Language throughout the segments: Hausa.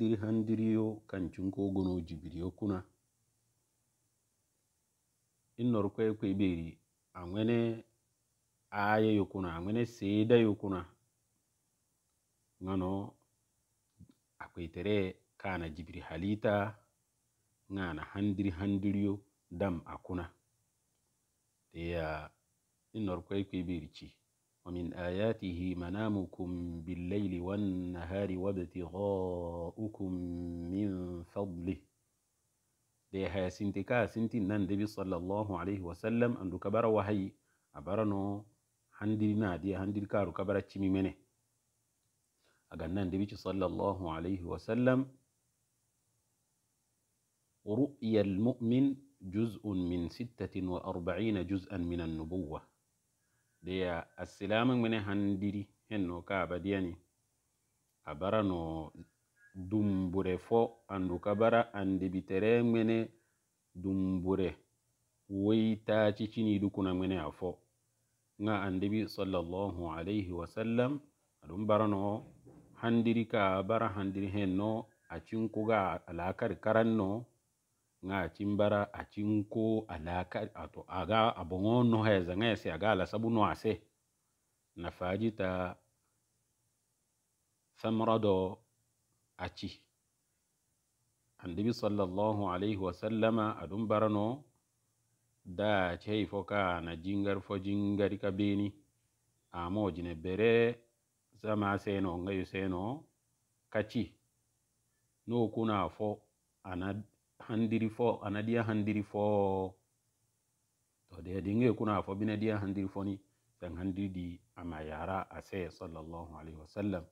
diri handiriyo kancin kogono jibiriyo kuna innor kwe kwe beri angwene aye yokuna anwene seda kuna, ngano akwaitere kana jibiri halita ngana handiri handiriyo dam akuna teya innor kwe kwe beri ci ومن آياته منامكم بالليل والنهار وابتغاؤكم من فضله دي هيا سنتكا سنتي نان صلى الله عليه وسلم أندو كبر وهي أبرنو هندلنا دي هندل كارو كبر تشمي مني أغنى النبي صلى الله عليه وسلم رؤيا المؤمن جزء من ستة وأربعين جزءا من النبوة deya assilamu mine handiri hen no ka abadiyani abara no dumbure fo andu kabara andibi tere mene dumbure woyitaci ciniidu kuna mene a fo nga andibi sallallahu alayhi wasallam adum bara no handiri ka bara handiri hen no acinkuga alakari karan no nga chimbara achinko alaka ato aga abongo heza nga yase aga alasabu noase na fajita do achi andibi sallallahu alaihi wasallama aɗum barano da chei foka na jingar fo jingari kabini amo jine bere zama seno ngayu seno kaci no kuna fo anad handiri fo ana ɗiya handiri fo to de dinge kuna fo bina ɗiya handiri fo ni sen handiri ɗi ama yara a seye sallallahu alayhi wa sallam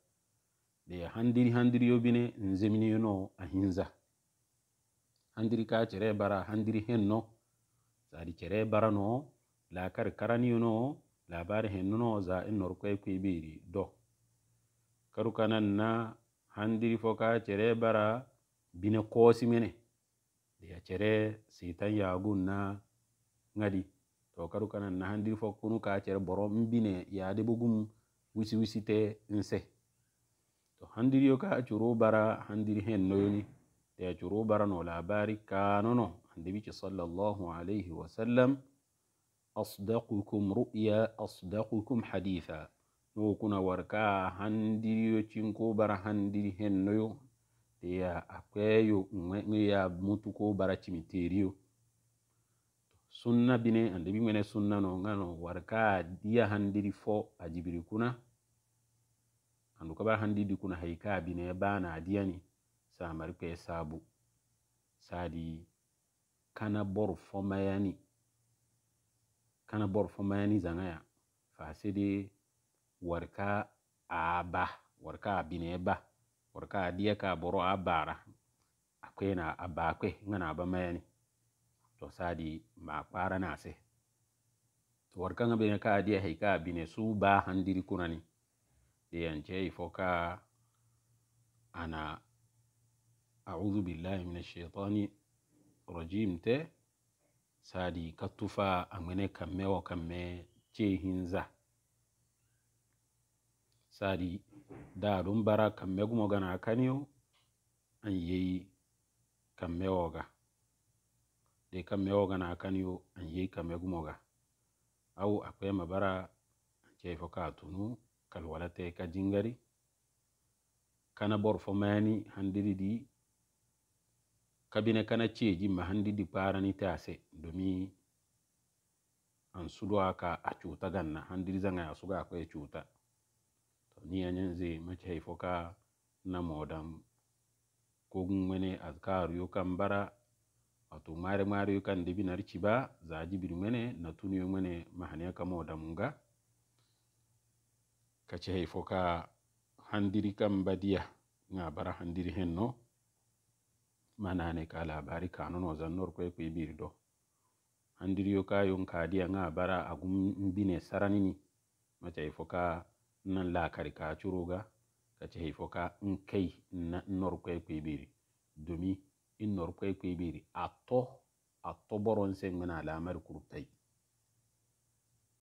de handiri handiri yo bine zeminino a hinza handiri ka cere bara handiri hen no sadi cere bara no lakar karaniyo no labari hen no za en norkoy kuy biri do karu kananna handiri fo ka cere bara bine kosi mene kacere sitan yagun na ngadi to kadu kanan na handi fokkunu kacere boro mbine yade bugum wisi wisi te nse to handiri yo ka curu bara handiri hen noyoni te curu bara no labari kanono handi bici sallallahu alaihi wasallam asdaqukum ru'ya asdaqukum haditha no kuna warka handiri yo cinko bara handiri hen noyo te akweyo ya mutu ko bara cimiteriyo sunna bine bi mene sunna no ngano warka diya handiri fo a jibiri kuna andu kabar handidi kuna haika bine bana diyani samari pe sabu sadi kana bor mayani kana bor fomayani zangaya fasidi warka aba warka bine ba a diya ka boro a bara akwe na abakwe ngana ba ne to sadi ma kwara na se to warka ngabe ka dia hay ka ne su ba handiri kunani de yanje yi ka ana a'udhu billahi minash shaitani rajim te sadi ka tufa amene kamme wa kamme ce hinza sadi daɗum bara kamɓe gumogana kaniyo an yeyi kamɓe woga de kamɓe wogana kaniyo an yeyi kamɓe gumoga awu akwema bara ceyfo katunu kal walate ka jingari kana borfo mani handiri ɗi kabine kana ceji ma handi ɗi parani tase domi an suɗo aka a cuta ganna handiri zaga a suga akoye cuta niyanyenzi machaifoka na modam kogun azkaru yokan bara wato mare mare yokan dibi narichiba ba za ajibiri mwene na tuni mene mahaniya ka modam ga kace ka handiri kan badiya nga bara handiri henno manane ka labari kanono zannor koy koy biri do handiri yuka ka nga bara agumbine saranini mache ifoka nan la kari ka curuga ka ce haifo ka in kai na nor kwaikwai domin in nor kwaikwai kwibiri a to a to boron sai muna lamar kurtai